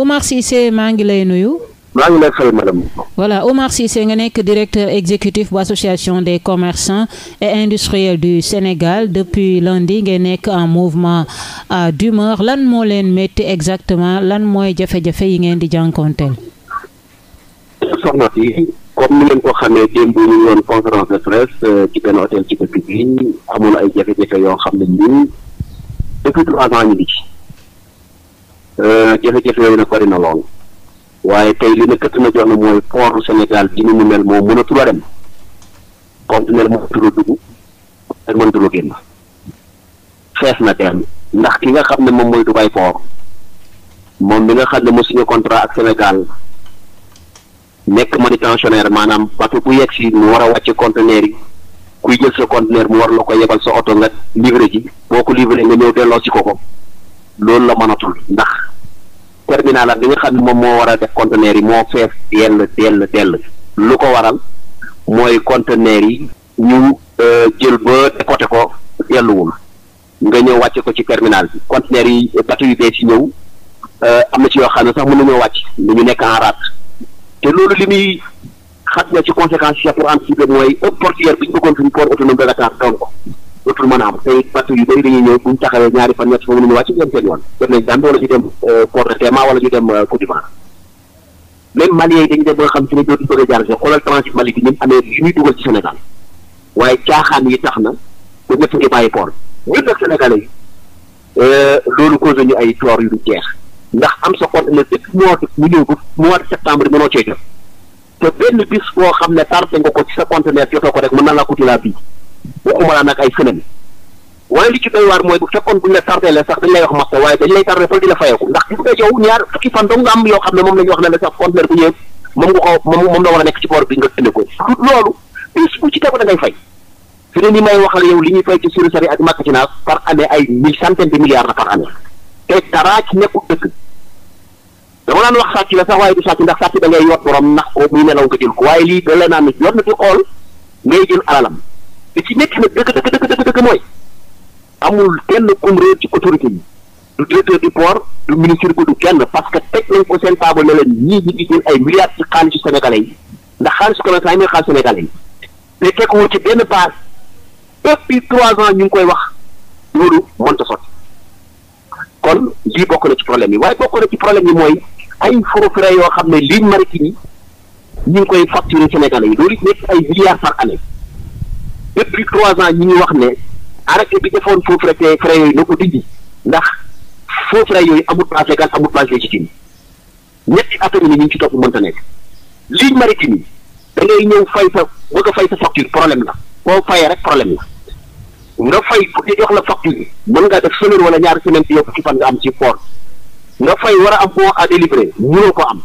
Umar Cissé maa ngi lay nuyu. maa ngi lay fay madame. voilà Umar Cissé nga nekk directeur exécutif bu association des commerçants et industriels du Sénégal depuis lundi ngeen nekk en mouvement d'humeur lan moo leen métti exactement lan mooy jafe-jafe yi ngeen di jànkonteel. soxna euh, xam ne Euh, jafe-jafe yooyu nag bari na lool waaye tey li na këtt na jox na mooy port Sénégal bi ni mu mel moo mënatul a dem conteneur mënatul a dugg ak fees na dem ndax ki nga xam ne moom mooy du Dubai port moom bi nga xam ne mu signé contrat ak Sénégal nekk manutentionnaire maanaam bateau bu yegg si mu war a wàcc conteneur yi kuy jël sa conteneur mu war la ko yebal sa oto nga livré ji boo ko livré nga ñëw delloo si ko ko loolu la mënatul ndax terminal ak bi nga xam ne moom moo war a def conteneur yi moo fees dell dell dell lu ko waral mooy conteneur yi ñu euh, jël ba décoté ko delluwul nga ñëw wàcce ko ci terminal bi conteneur yi bateau yu bees yi ñëw euh, am na ci yoo xam ne sax na nañoo wàcc lu ñu nekk en rat te loolu li muy xat na ci conséquence yi pour am mooy ëpp portuaire bi ñu bëggoon suñu port autonome de Dakar doon ko dootul mën a am tey pàcc yu bëri dañuy ñëw bu taxawee ñaari fan ñett fa mënuñu wàcc dem seen yoon def nañ dem Port de Téma wala ñu dem euh, euh, Côte d'Ivoire même Mali yi dañu dem ba nga xam si ne dootuñu bëgg a xoolal transit Mali bi ñun amee dugal ci Sénégal waaye caaxaan yi tax na ba ñëpp ngi bàyyi port ñun nag Sénégalais yi euh, loolu causé ñu ay toor yu du jeex ndax am sa conteneur depuis mois mu ñëw ba mois de septembre mënoo cee jot te benn bis boo xam ne tardé nga ko ci sa conteneur jotoo ko rek mën na la coûter la waxuma laa nag ay semaine waaye li ci doy waar mooy bu fekkoon buñ la tardé la sax dañ lay wax masta waaye dañ lay tardé fal di la fayeeku ndax gis nga moom la wax ne la sax conteneur bu ñëwee moom nga ko moom moom la bi nga tënne ko loolu bis li ñuy fay ci surisari ak magasinage par année ay mille centaine de milliards la par année te dara ci nekkul dëkk naan wax sàcc la sax waaye du sàcc ndax sàcc da ngay yot borom nax ko muy nelaw nga jël ko waaye lii da la naan yot na di xool ngay jël alalam li ci métti nag dëgg dëgg dëgg dëgg dëgg mooy amul kenn kum réer ci autorité yi du directeur du port du ministre ko kenn parce que teg nañ ko seen table ne leen ñii ñu ngi jël ay milliards ci xaalisu sénégalais yi ndax xaalisu commerçant yi mooy xaalisu sénégalais yi te tekkuwul ci benn base depuis trois ans ñu ngi koy wax loolu mënta sotti kon lii bokk na ci problème yi waaye bokk na ci problème yi mooy ay forfait yoo xam ne ligne maritime ñu ngi koy facturer sénégalais yi loolu it nekk ay milliards année depuis trois ans ñi ngi wax ne arrêté bi defoon faux frais te frais yooyu na ko dindi ndax faux frais yooyu amul base légale amul base légitime ñetti affaire yi ñu ci topp mënta nekk ligne maritime yi da ngay ñëw fay sa bëgg a fay sa facture problème la boo fayee rek problème la nga fay bu ñu jox la facture yi mën ngaa def semaine wala ñaari semaine bi yokk ci fan nga am ci port nga fay war a am koo à délivrer mënoo ko am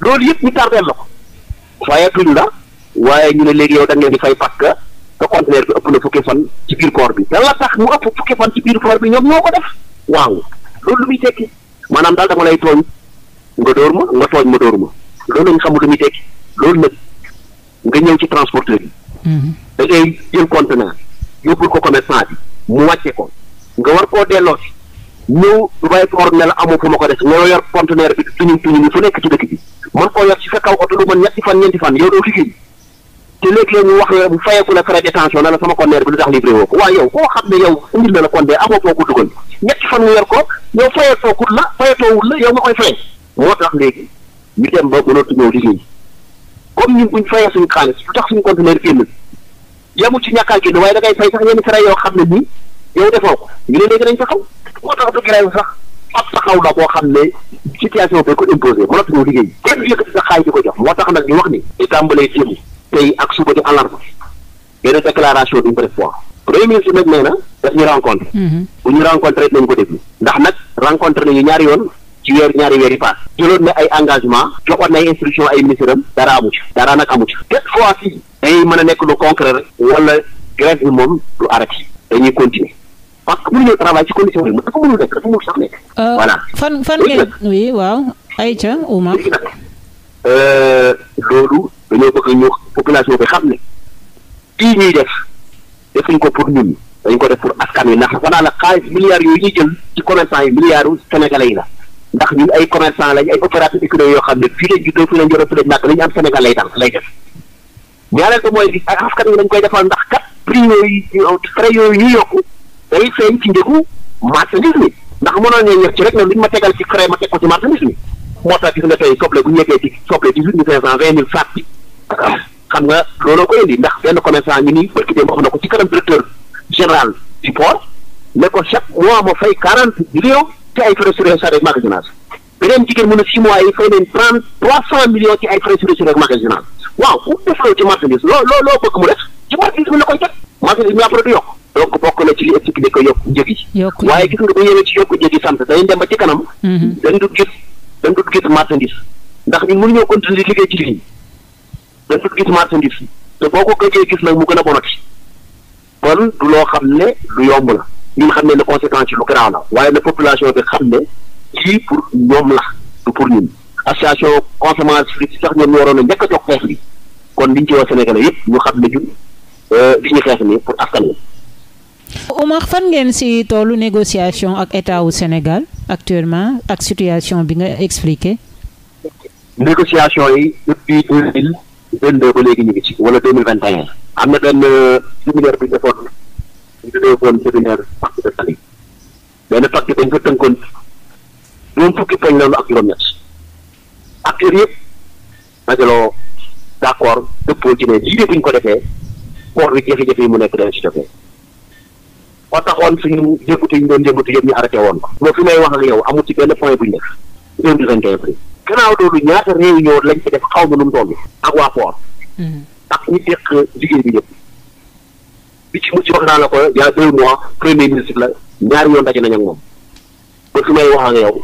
loolu yëpp ñu tardeel la ko fayatuñ la waaye ñu ne léegi da ngeen di fay parce que te conteneur bi ëpp na fukki fan ci biir koor bi te la tax mu ëpp fukki fan ci biir koor bi ñoom ñoo ko def waaw loolu lu muy tekki maanaam daal dama lay tooñ nga dóor ma nga tooñ ma dóor ma loolu lañ xamul lu muy tekki loolu nag nga ñëw ci transporteur bi mm-hmm. da ngay jël yóbbul ko commerçant bi mu wàcce ko nga war koo delloo si ñëw du bàyyi koor ne la amoo fu ma ko des nga yor conteneur bi tuñu tuñu ni fu nekk ci dëkk bi mën koo yor ci ñetti fan ñeenti fan yow doo te léeg-léeg ñu wax la bu fayeeku la frais détention na la sama conteneur bi lu tax livré woo ko waaye yow koo xam ne yow indil na la conteneur amoo foo ko dugal ñetti fan nga yor ko yow fayeetookul la fayeetoowul la yow nga koy fay moo tax léegi ñu dem ba mënatuñoo liggéey comme ñun buñ fayee suñu xaalis lu tax suñu conteneur génn yamul ci ñàkk génn waaye da ngay fay sax yenn frais yoo xam ne nii yow defoo ko ñu ne léegi dañ taxaw moo tax du grève sax ab taxaw la boo xam ne situation bi ko imposé mënatuñoo liggéey kenn sa xaalis di ko jox moo tax nag ñu wax ni di tàmbalee tey ak suba di alarme benn déclaration duñ ko def fois premier ministre nag nee na daf ñu rencontre mhm. bu ñu rencontre nañ ko déglu ndax nag rencontre nañu ñaari yoon ci weer ñaari weer yi paas jëloon na ay engagement joxoon na ay instruction ay ministre am dara amu ci dara nag amu ci cette fois ci dañuy mën a nekk lu concret rek wala grève bi moom du arrêté dañuy continuer parce que mënuñoo travail ci condition yi dafa mënul nekk dafa mënul sax nekk euh, voilà fan fan ngeen oui dañoo bëgg ñu population bi xam ne kii ñuy def defuñ ko pour ñun dañ ko def pour askan wi ndax xanaa nag xaalis milliards yooyu ñuy jël ci commerçant yi milliards yu sénégalais yi la ndax ñun ay commerçant lañ ay opérateur économique yoo xam ne fii lañ juddoo fii lañ yoroo fii lañ nàkk lañu wi lañ koy defal ndax kat prix yooyu frais yooyu ñu yokku day feeñ ci njëgu marchandise mi ndax mënoon nañ ñëf ci rek ne luñ ma tegal ci frais ma teg ko ci marchandise mi moo tax gis nga tey soble bu ñu yeggee xam nga looloo ko indi ndax benn commerçant ngi nii barki démb wax na ko ci kanam directeur général du port ne ko chaque mois ma fay quarante millions ci ay frais sur rek magasinage beneen jigéen mu ne six mois fay leen trente trois cent millions ci ay frais sur rek magasinage waaw ku def loolu ci marchandise loo loo loo mu def ci marchandise mi la koy teg marchandise mi après du yokk donc bokk na ci li expliqué ko yokk njëg yi waaye dafa gis marchandise te boo ko gëjee gis nag mu gën a bonati kon du loo xam ne lu yomb la ñun xam ne ne conséquence yi lu garaaw la waaye na population bi xam ne lii pour ñoom la du pour ñun association consommation bi sax ñoom ñu waroon a njëkk a jox xeex bi kon liñ ci woo Sénégalais yëpp ñu xam ne ñun euh, li ñu xeex nii pour askan wi. Omar fan ngeen ci tollu négociation ak état wu Sénégal actuellement ak situation bi nga expliqué. négociation yi depuis 22 ba léegi ñu ngi ci wala 2021 am na benn séminaire bu ñu defoon ñu defoon séminaire pacte de Saly benn pacte dañ ko tënkoon ñoom fukki poñ la ak juróom-ñett acteurs yëpp dajaloo d' accord dëppoo ci ne lii bu ñu ko defee port bi jafe-jafe yi mu nekk dañ ci jotee ba taxoon suñu yëngatu ñu doon yëngatu yëpp ñu arrêté woon ko. loolu fi may wax ak yow amul ci benn point bu def. heure bi lañ koy fay. gannaaw loolu ñaata réunion lañ ko def xaw ma nu mu toll ak waa port. ak ñi teq liggéey bi ñëpp. bi ci mujj wax naa la ko y a deux mois premier ministre la ñaari yoon daje nañ ak moom ba su may wax ak yow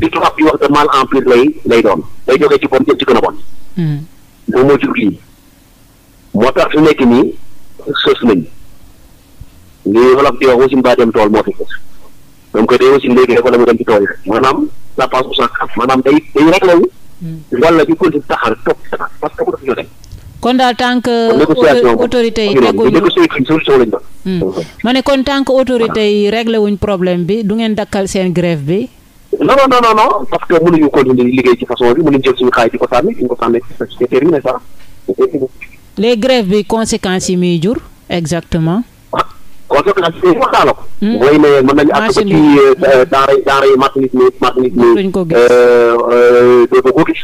li tubaab bi wax de mal en lay lay doon day jógee ci bon jëm ci gën a bon. Hmm. moom moo jur lii moo tax fi nekk nii sës nañ li wolof di wax wasin baa dem tool moo fi sës donc day wasin léegi rek wala mu dem ci tool yi la passe au centre maanaam day ñu continué taxaw toog parce que kon daal tant que autorité yi teguñu hmm. ma ne tant que autorité yi wuñ problème bi du ngeen dakkal seen grève bi. non non non non parce que mënuñu continuer liggéey ci façon bi mënuñu jël suñu grève bi conséquence yi muy jur exactement. wala classe yi wax naa la ko. Hmm. mooy ne euh, daara daara yi ni martinis ni dootoo ko gis.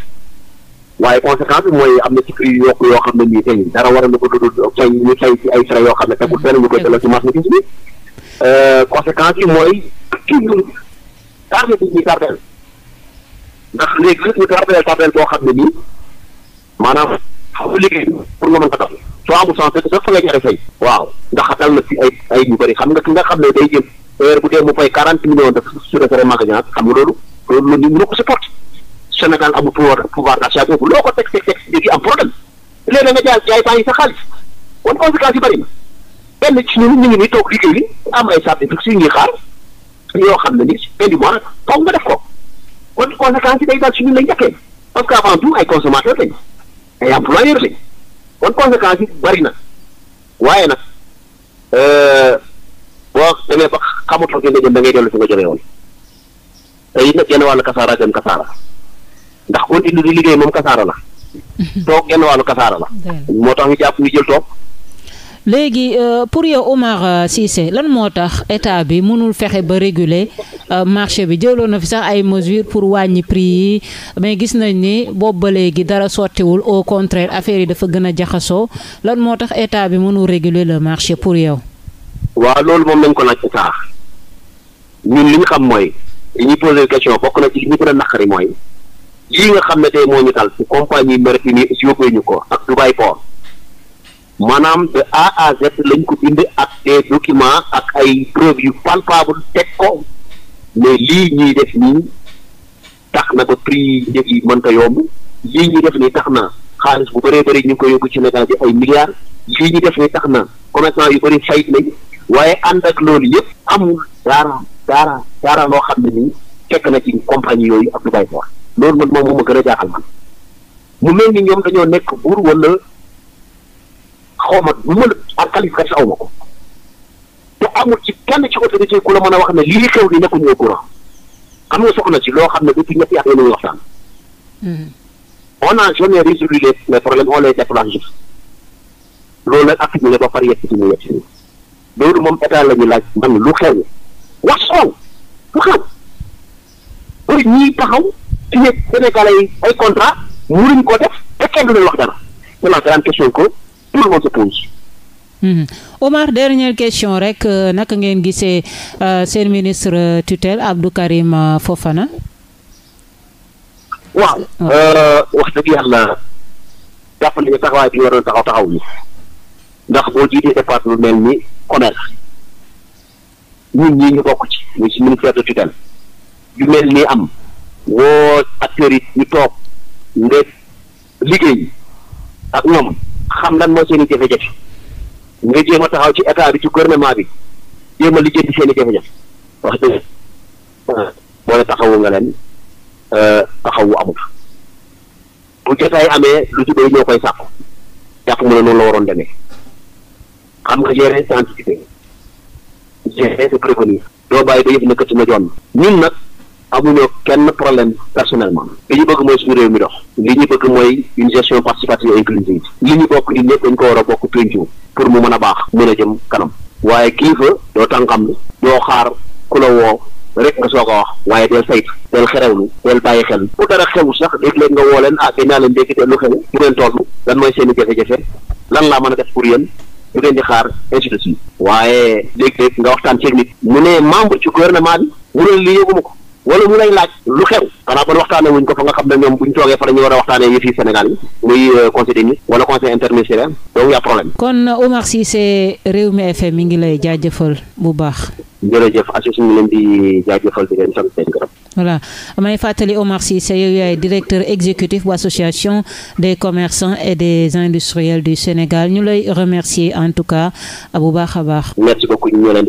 waaye conséquence bi mooy am na ci prix yokk yoo xam ne nii dara war ko dudul tey ñu tey xam ne tegul fenn ñu koy bi euh, conséquence yi mooy toujours tardé bi ñuy tardeel ndax léegi lépp ñu tardeel boo xam ne nii maanaam xam nga liggéey pour nga mën ko soo amul chance rek sax fa nga waaw ndax dal na si ay ay ñu bëri xam nga ki nga xam ne day jël heure bu dee mu fay quarante millions de surefere magasin xam nga loolu loolu la ñu mën a ko supporté Sénégal amul pouvoir pouvoir d'achat boobu loo ko teg teg teg léegi am problème léegi da nga jaay jaay bàyyi sa xaalis kon conséquences yi bëri li benn ci ñun ñu ngi nii toog liggéey am ay sacrifice yu ñuy xaar yoo xam ne ni fin du mois foog nga def ko kon conséquences yi day daal si ñun lay njëkkee parce que avant tout ay consommateurs lañ ay employeurs kon conséquences yi bëri na waaye nag euh, boo demee ba xamatoo fi nga jëm da ngay dellu fi nga jógee woon te it nag genn wàllu kasaara gën kasaara ndax continue di liggéey moom kasaara la toog genn wàllu kasaara la moo tax ñu jàpp ñu jël toog léegi euh, pour yow Omar euh, Cissé lan moo tax état bi mënul fexe ba réguler euh, marché bi jëloo na fi sax ay mesures pour wàññi prix yi mais gis nañ ni boobu ba léegi dara sottiwul au contraire affaire yi dafa gën a jaxasoo lan moo tax état bi mënul réguler la marché pour yow. waaw loolu moom nañ ko laaj état ñun li ñu xam mooy li ñuy posé bokk na ci li ñu gën a naqari mooy lii nga xam ne tey moo ñu dal compagnie maritime yi yóbbee ñu ko ak Dubai Port. maanaam de A à Z lañ ko bind ak des documents ak ay preuves yu palpable teg ko mais lii ñuy def nii tax na ba prix njëg yi mënta yomb lii ñuy def nii tax na xaalis bu bëree bëri ñu ngi ko yóbbu Sénégal bi ay milliards lii ñuy def nii tax na commerçant yu bëri fayit nañ waaye ànd ak loolu yëpp amul dara dara dara loo xam ne nii fekk na ci compagnie yooyu ak Dubai Port loolu man moom ma gën a jaaxal man mu mel ni ñoom dañoo nekk buur wala. xaw ma bu a la ak qualification aw ma ko te amul ci kenn ci autorité yi ku la man a wax ne lii xew ni nekkuñu au courant xam nga soxna ci loo xam ne depuis ñetti at yéen a ngi waxtaan. Hmm. on a jamais résolu les les problèmes on les déclenche juste loolu nag ak ñu ne ba pare yegg si ñu yegg si loolu moom état la ñu laaj man lu xew wax soow lu xew pour ñiy taxaw ci Sénégalais ay contrat mënuñ ko def te kenn du leen wax dara c'est la grande question ko Mhm. Omar dernière question rek euh, naka ngeen gisee euh, seen ministre euh, tutelle Abdou Karim Fofana. waaw. wax dëgg yàlla jàpp nañu taxawaay bi waroon taxaw taxaw ñu ndax boo jiitee départ lu mel ni commerce ñun ñii ñu bokk ci ñu ci ministère de tutelle yu mel nii am woo acteurs yi toog ndeg liggéey ak ñoom xam lan moo seen i jafe-jafe. nga jéem a taxaw ci état bi ci gouvernement bi jéem a lijjanti seen i jafe-jafe wax dëgg boo ne taxawu nga leen euh, taxawu amul bu jotaay amee lu ci bëri ñoo koy sàkku jàpp mu ne noonu la waroon demee xam nga gérer sensibiliser gérer c'est prévenir doo bàyyi ba yëpp na këtt na joon ñun nag amuñoo kenn problème personnellement li ñu bëgg mooy suñu réew mi dox li ñu bëgg mooy une gestion participative inclusive li ñu bokk ñun ñëpp ko war a bokk péncu pour mu mën a baax mën a jëm kanam waaye kilifa doo tànkam doo xaar ku la woo rek nga soog a wax waaye del saytu del xerewlu del bàyyi xel bu dara xewu sax léeg-léeg nga woo leen ah gën naa leen dékkite lu xew bu ngeen toll lan mooy seen i jafe-jafe lan laa mën a def pour yéen bu ngeen di xaar ainsi de waaye léeg-léeg nga waxtaan ceeg nit mu ne membre ci gouvernement bi mu ne lii yëguma ko wala mu lay laaj lu xew xanaa kon waxtaane wuñ ko fa nga xam na ñoom buñ toogee fa la ñu war a waxtaanee yëf yi Sénégal yi muy euh, conseil des ministres wala conseil interministériel donc y problème. kon Omar Cissé Rewmi FM mi ngi lay jaajëfal bu baax. jërëjëf association ñu leen di may fàttali Omar Cissé yow yaay directeur exécutif bu association des commerçants et des industriels du Sénégal ñu lay remercier en tout cas bu baax a baax. merci beaucoup ñu leen